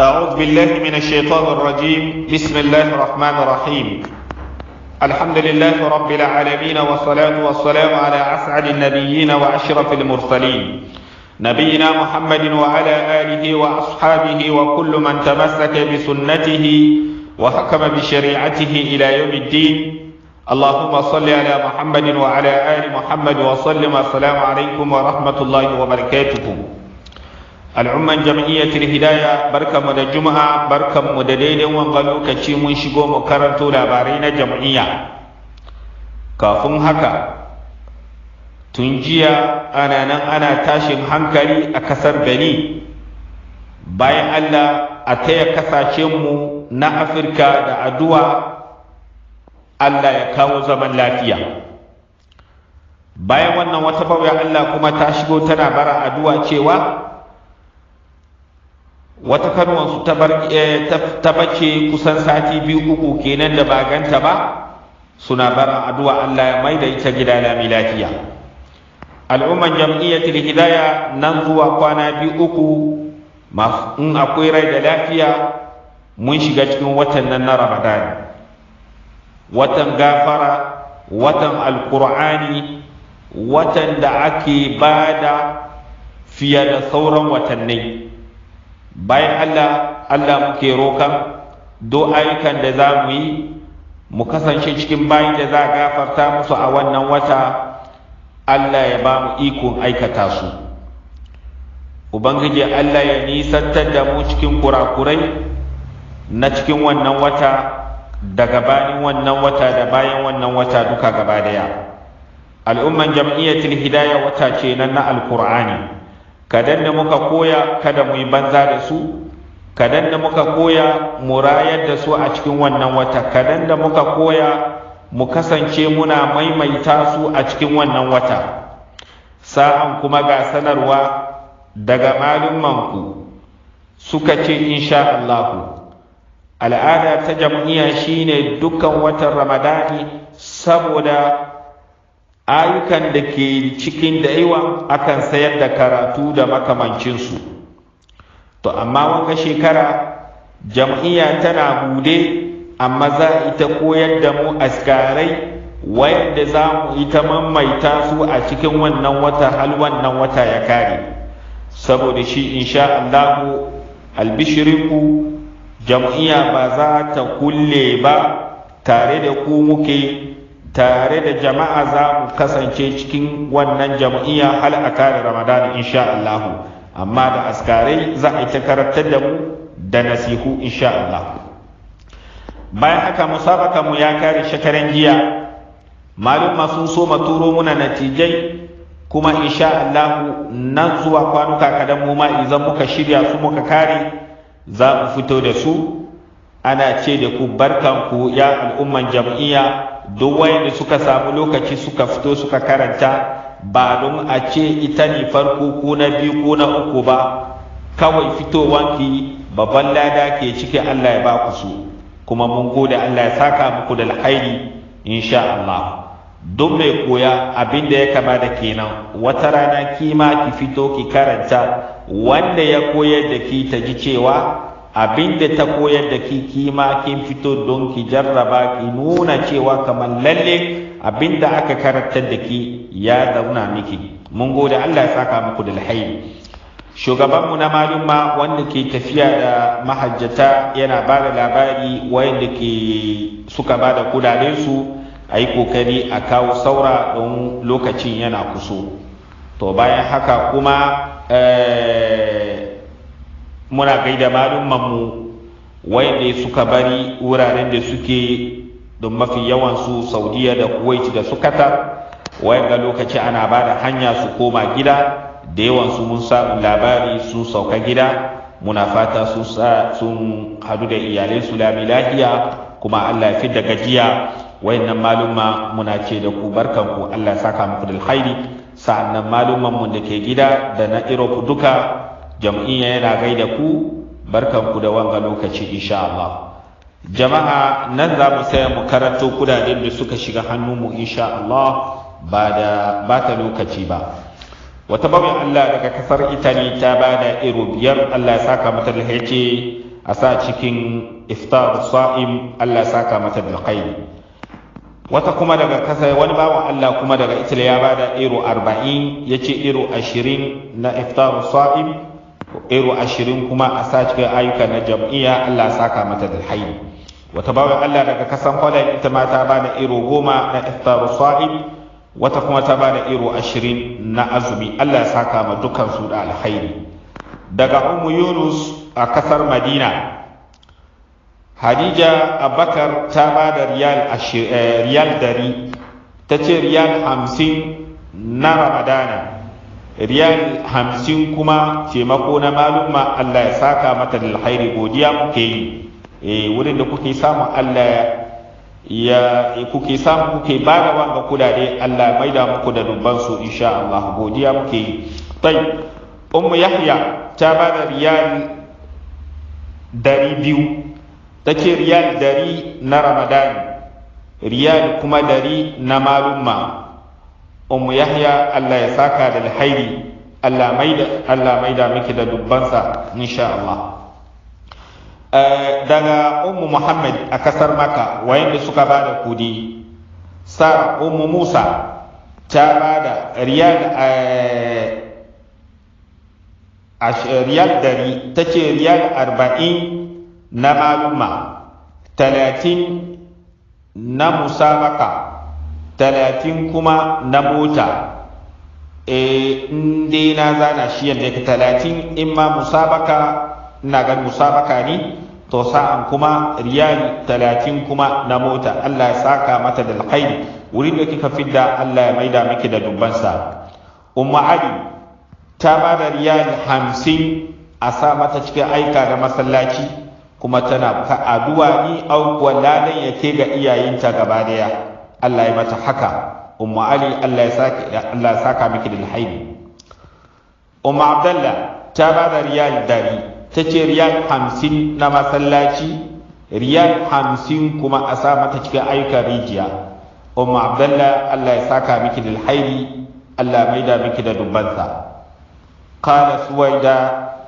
أعوذ بالله من الشيطان الرجيم بسم الله الرحمن الرحيم الحمد لله رب العالمين والصلاة والسلام على أسعد النبيين وأشرف المرسلين نبينا محمد وعلى آله وأصحابه وكل من تمسك بسنته وحكم بشريعته إلى يوم الدين اللهم صل على محمد وعلى آل محمد وسلم السلام عليكم ورحمة الله وبركاته al'umman Jam'iyyar hidaya barkanmu da juma'a barkanmu da daidai wanga lokaci mun shigo mu karanto labarai na jam'iyya kafin haka tun jiya ana nan ana tashin hankali a kasar Benin bayan Allah a taya kasashenmu na Afirka da addu'a Allah ya kawo zaman lafiya bayan wannan wata bauya Allah kuma ta shigo tana bara addu'a cewa wata kanuwansu eh, ta bace kusan sati biyu uku kenan da ba ganta ba suna bara addu'a Allah ya mai da ita gida lami lafiya al'umman jam'iyyatul hidaya nan zuwa kwana biyu uku in akwai rai da lafiya mun shiga cikin watan nan na ramadan watan gafara watan alkur'ani watan da ake bada fiye da sauran watanni bayan Allah Allah muke rokan do ayyukan da za mu yi mu kasance cikin bayan da za a gafarta musu a wannan wata Allah ya ba mu ikon aikata su Ubangiji Allah ya nisantar da mu cikin kurakurai na cikin wannan wata da gabanin wannan wata da bayan wannan wata duka gaba daya al'umman jam'iyyatul hidayah wata ce nan na alkur'ani kadan da muka koya kada mu yi banza da su kadan da muka koya mu rayar da su a cikin wannan wata kadan da muka koya mu kasance muna maimaita su a cikin wannan wata sa'an kuma ga sanarwa daga malumanku suka ce insha Allahu al'ada ta jam'iyya shine dukkan watan ramadani saboda ayyukan da ke cikin da'iwa akan sayar da karatu da makamancinsu to amma wanga shekara jam'iyya tana bude amma za a ita koyar da mu askarai wayanda za mu ita maimaita su a cikin wannan wata hal wannan wata ya kare saboda shi insha Allahu albishirinku jam'iyya ba za ta kulle ba tare da ku muke tare da jama'a za mu kasance cikin wannan jam'iyya hal a kare ramadan insha Allah amma da askarai za a yi ta karantar da mu da nasihu insha Allah bayan haka musabaka mu ya kare shekaran jiya ma sun so turo muna natijai kuma insha Allah nan zuwa kwanuka kadan mu ma idan muka shirya su muka kare za mu fito da su ana ce da ku barkanku ya al'umman jam'iyya duk wayanda suka samu lokaci suka fito suka karanta ba don a ce ita ne farko ko na biyu ko na uku ba kawai fitowanki babban lada ke ciki Allah ya ba ku su kuma mun gode Allah ya saka muku da alkhairi insha Allah don mai koya abin da ya kama da kenan wata rana kima ki fito ki karanta wanda ya koyar da ki ta ji cewa abin da ta koyar da ki kima kin fito don ki jarraba ki nuna cewa kamar lalle abin da aka karantar da ki ya zauna miki mun gode Allah ya saka muku da alhairi shugabanmu na malumma wanda ke tafiya da mahajjata yana ba da labari wayanda ke suka ba da su a yi kokari a kawo saura don lokacin yana kuso to bayan haka kuma eh, muna gaida mu wanda suka bari wuraren da suke don mafi yawansu saudiya da kuwait da su qatar wayanga lokaci ana ba da hanya su koma gida da yawansu mun samu labari sun sauka gida muna fata sun hadu da iyalai su lami lafiya kuma allah fi da gajiya wayannan maluma muna ce da ku barkanku allah saka muku da alkhairi sa'annan maluman mu da ke gida da na europe duka jam'iyya yana gaida ku barkanku da wanga lokaci insha Allah jama'a nan za mu saya mu karanto kudaden da suka shiga hannunmu insha Allah ba da ta lokaci ba wata bawai Allah daga kasar itali ta da iro biyar Allah ya saka mata da yace a sa cikin iftar sa'im Allah ya saka mata da alkhairi wata kuma daga kasar wani bawan Allah kuma daga itali ya ba da iro 40 yace iro 20 na iftar sa'im ero ashirin kuma a sa cikin ayyuka na jam'iyya Allah saka mata da haini wata bawa Allah daga kasan Holland ita ma ta bada ero goma na iftaru sa'id wata kuma ta bada ero ashirin na azumi Allah saka ma dukkan su da alkhairi daga Ummu Yunus a kasar Madina Hadija Abakar ta ba da eh, riyal dari ta ce riyal hamsin na Ramadana riyal hamsin kuma taimako na malumma Allah ya saka mata da alkhairi godiya kuke yi eh, wurin da kuke samu Allah ya kuke samu kuke bada wanga kudade Allah mai da muku da dubban su insha Allah godiya muke yi tai ummu yahya ta ba da riyal dari biyu take riyal dari na ramadan riyal kuma dari na malumma ummu yahya Allah ya saka da alhairi Allah maida Allah maida miki da dubbansa insha Allah eh, daga ummu muhammad a kasar maka wayanda suka ba da kudi sara ummu musa ta ba da riyal eh, riyal dari ta ce riyal arba'in na maluma talatin na maka. talatin kuma na mota eh, e dai na zana shi yadda ka talatin in ma musabaka na ga musabaka ne to sa'an kuma riyali talatin kuma na mota Allah ya saka mata da alkhairi wurin da kika fidda Allah ya maida miki da dubbansa umma ali ta ba da riyali hamsin a sa mata cikin aika da masallaci kuma tana ka addu'a ni au ladan yake ga iyayenta gaba daya Allah ya mata haka umma ali Allah ya saka Allah ya saka miki da alhaini umma abdalla ta ba da riyal dari ta ce riyal hamsin na masallaci riyal hamsin kuma a sa mata cikin ayyukan rijiya umma abdalla Allah ya saka miki da alhaini Allah mai da miki da dubbansa qala suwaida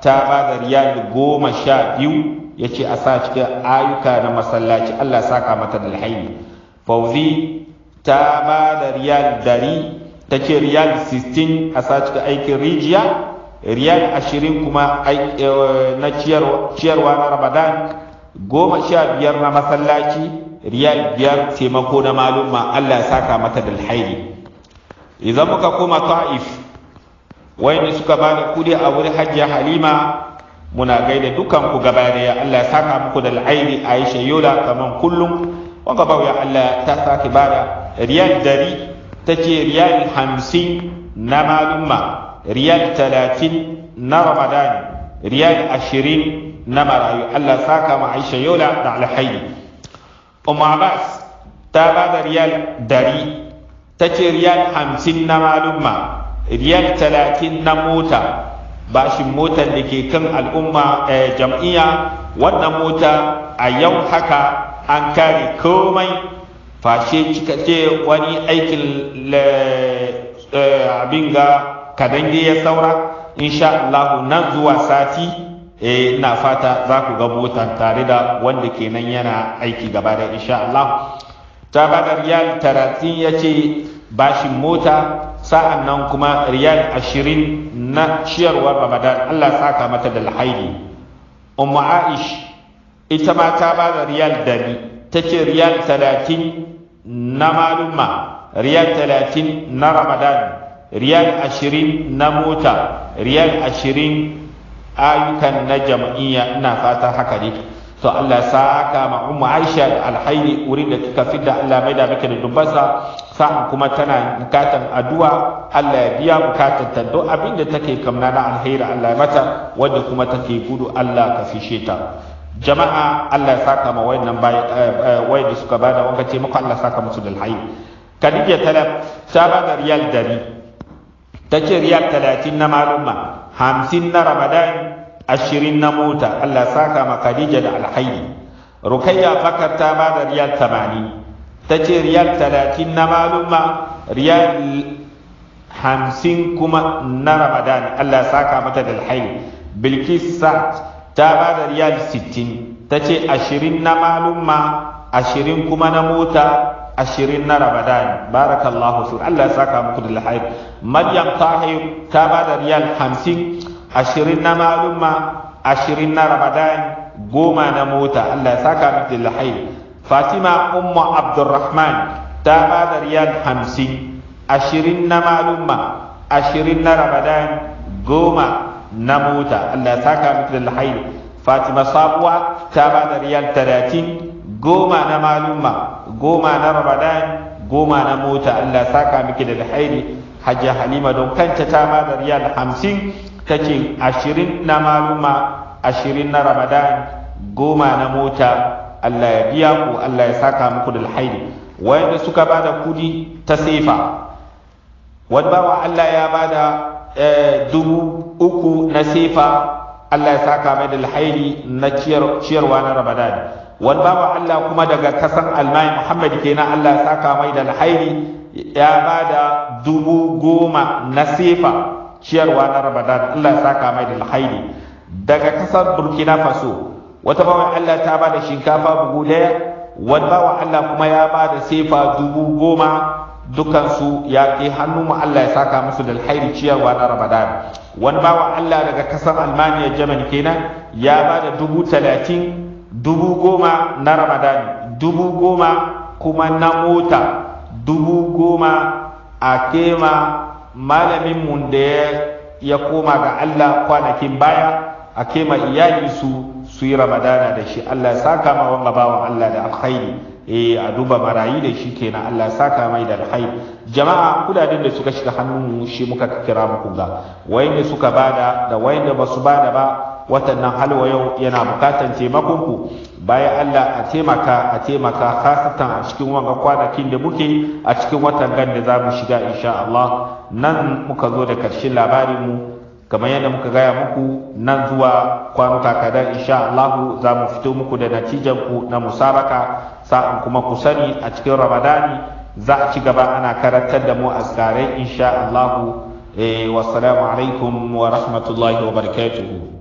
ta ba da riyal goma sha biyu ya ce a sa cikin ayyuka na masallaci Allah ya saka mata da alhaini fauzi ta ba da riyal dari ta ce riyal 16 a sacika aikin rijiya riyal 20 kuma eh, na ciyarwa na ramadan goma sha biyar na masallaci riyal biyar taimako na malumma allah ya saka mata da alhairi idan muka koma ta'if wani suka ba da kudi a wurin hajjiya halima muna gaida dukanku ku da ya allah ya saka muku da alhairi aisha yola kamar kullum wanga ba ya Allah ta sake bada riyal dari take riyal hamsin na malumma riyal talatin na ramadan riyal ashirin na marayu Allah saka ma Aisha yola da alhaidi Umma Abbas ta bada riyal dari take riyal hamsin na malumma riyal talatin na mota bashin motar da ke kan al'umma eh, jam'iyya wannan mota a yau haka an kare komai fashe kika ce wani aikin e, abin ga kadange ya saura insha Allah nan zuwa sati e, ina fata za ku ga bota tare da wanda kenan yana aiki gaba da insha Allah ta bada riyal talatin ya ce bashin mota sa'an nan kuma riyal ashirin na ciyarwar ramadan Allah saka mata da alhaili umma aish ita ma ta ba da riyal dari ta ce riyal talatin na maluma riyal talatin na ramadan riyal ashirin na mota riyal ashirin ayyukan na jam'iyya ina fata haka ne to Allah saka ma ummu Aisha da alhairi wurin da kika fidda Allah mai da miki da dubbansa sa'an kuma tana bukatan addu'a Allah ya biya bukatan ta duk abin da take kamna na alheri Allah mata wanda kuma take gudu Allah ka fishe ta jama'a Allah ya saka ma wayannan bayi eh, eh, wayanda suka bada wanka ce muku Allah saka musu da alhayi Khadija Talab ta bada riyal dari tace riyal 30 na maluma 50 na Ramadan 20 na mota Allah saka ma Khadija da alhayi Rukayya Bakar ta bada riyal 80 tace riyal 30 na maluma riyal 50 kuma na Ramadan Allah saka mata da alhayi Bilkis Sa'd ta ba da riyal 60 ta ce ashirin na malumma ashirin kuma na mota ashirin na ramadan barakallahu fi Allah ya saka muku da lahayi maryam tahir ta ba da riyal 50 ashirin na malumma ashirin na ramadan goma na mota Allah ya saka muku da lahayi fatima umma abdurrahman ta ba da riyal 50 ashirin na malumma ashirin na ramadan goma na mota Allah ya saka miki da alhairi Fatima sabuwa ta ba da riyal talatin goma na maluma, goma na Ramadan goma na mota Allah ya saka miki da alhairi Hajja Halima don kanta ta ba da riyal hamsin tace ashirin na maluma, ashirin na Ramadan goma na mota Allah ya biya ku Allah ya saka muku da alhairi wayanda suka ba da kudi ta sefa wadda bawa Allah ya ba da Eh, dubu uku na sefa Allah ya saka mai da alhairi na ciyarwa na Ramadan wani bawa Allah kuma daga kasan almai Muhammad kenan Allah ya saka mai da alhairi ya ba da dubu goma na sefa ciyarwa na Ramadan Allah ya saka mai da alhairi daga kasar Burkina Faso wata bawa Allah ta ba da shinkafa bugu daya wani bawa Allah kuma ya ba da sefa dubu goma dukansu ya kai hannu mu Allah ya saka musu da alkhairi ciyarwa na Ramadan wani bawa Allah daga kasar Almaniya Germany kenan ya ba da dubu talatin dubu goma na Ramadan dubu goma kuma na mota dubu goma a kema malamin mu da ya koma ga Allah kwanakin baya a kema iyali su su yi Ramadana da shi Allah ya saka ma wanga bawa Allah da alkhairi eh a duba marayi da shi kenan Allah saka mai da alhai jama'a kudaden da suka shiga hannun shi muka kira muku ga wayanda suka bada da wayanda ba su bada ba watannan halwa yau yana bukatan taimakon ku bayan Allah a taimaka a taimaka khasatan a cikin wanga kwanakin da muke a cikin watan gan da zamu shiga insha Allah nan muka zo da karshen labarin mu kamar yadda muka gaya muku nan zuwa kwanuka kadan insha Allah za mu fito muku da natijan ku na musabaka sa'an kuma ku sani a cikin ramadani za a ci gaba ana karantar da mu askarai insha Allahu eh, wassalamu alaikum wa rahmatullahi wa barakatuhu